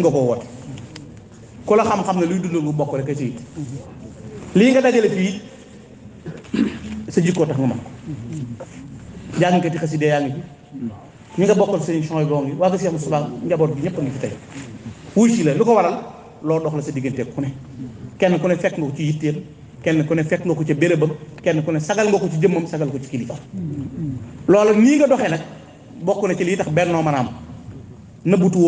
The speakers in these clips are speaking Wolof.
nga koo woote ku la xam-xam ne luy dund bu bokk rek ci lii nga dajale fii sa jikkoo tax nga mën ko jàngkati xasida yaa ngi fi ñi nga bokkal seen chong boo ngi waa nga Cheikh Moustapha njaboot bi ñëpp a ngi fi tey wuy si la lu ko waral loo dox la sa diggante ku ne kenn ku ne fekk nga ko ci yitteem kenn ku ne fekk nga ko ci bérébam kenn ku ne sagal nga ko ci jëmmam sagal ko ci kilifa loolu nii nga doxee nag bokk na ci lii tax bennoo mën a am nëbbutu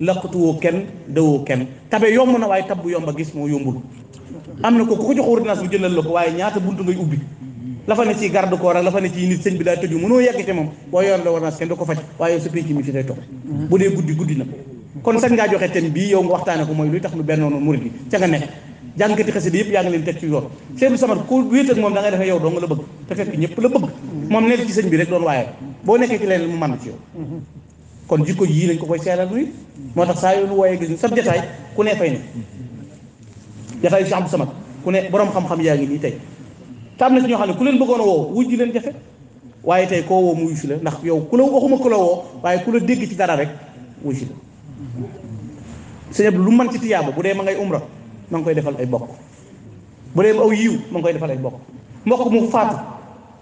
laqatuwoo kenn dawoo kenn tabe yomb na waaye tab bu yomb a gis moo yombul am na ko ku ko jox ordonnance bu jëlal la ko waaye ñaata buntu ngay ubbi la fa ne ci garde corps ak la fa ne ci nit sëñ bi daay tëju mënoo yegg ci moom boo yor la ordonnance kenn du ko faj waaye sa pénc mi fi tay bii yow nga waxtaane ko mooy luy tax nu bennoonoon murid yi ca nga nekk jàngkati xasida yëpp yaa ngi leen teg ci yoon Cheikh Abdou Samad ku wéet ak moom da ngay yow doo nga la bëgg te fekk ñëpp la bëgg moom nekk ci sëñ bi rek doon waaye boo nekkee ci leneen mu kon jikko yii lañ ko koy seeral nuyu moo tax saa yoonu wooyee gis ñu sab jataay ku ne fay na jataay si am samat ku ne boroom xam-xam yaa ngi nii tey te am si ñoo xam ne ku leen bëggoon a woo wujj leen jafe waaye tey koo woo mu wuyu la ndax yow ku la waxuma ku la woo waaye ku la dégg ci dara rek wuyu si la sëñ lu mën ci tiyaaba bu dee ma ngay umra ma ngi koy defal ay bokk bu dee aw yiw ma ngi koy defal ay bokk mbokk mu faatu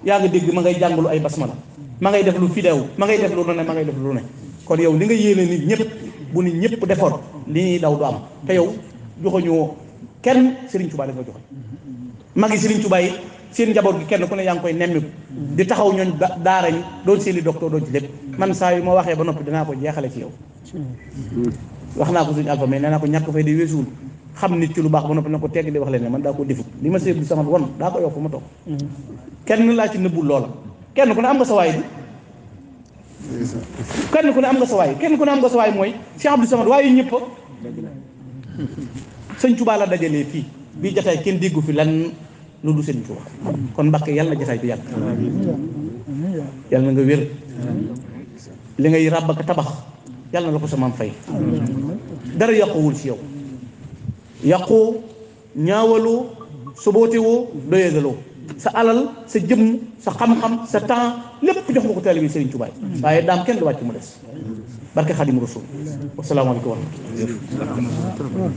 yaa ngi dégg ma ngay jàngalu ay basmala ma ngay def lu fidaaw ma ngay def lu ne ma ngay def lu kon yow li nga yéene nit ñëpp bu nit ñëpp defoon li ñuy daw du am te yow joxoñoo kenn Serigne Touba dafa joxe magi Serigne Touba yi seen njaboot gi kenn ku ne yaa ngi koy nemmiku di taxaw ñooñ daara ñi doon seeni docteur doon ci man saa yu ma waxee ba noppi danaa ko jeexale ci yow wax naa ko suñu alpha mais nee ñàkk fay xam nit ci baax na ko tegg di wax leen man daa ko defut li ma seet di sama won daa ko yokk ma toog mm-hmm. kenn laa ci nëbbul loola kenn ku ne am nga sa waay bi kenn ku ne am nga sa waay kenn ku ne am nga sa waay mooy Cheikh Abdou Samad waayu ñëpp a sëñ Tuubaa la dajalee fii bii jataay kenn déggu fi lan lu du sëñ Tuubaa kon Mbàkke yàlla na jataay bi yàgg yàlla na nga wér li ngay ràbb ak tabax yàlla na la ko sa maam fay dara yàquwul ci yow yàqu ñaawalu soboote woo sa alal sa jëmm sa xam-xam sa temps lépp jox nga ko taalibe Serigne Touba mm-hmm. waaye daam kenn du wàcc mu des barke Xaadimu Rasuul wasalaamaaleykum wa rahmatulah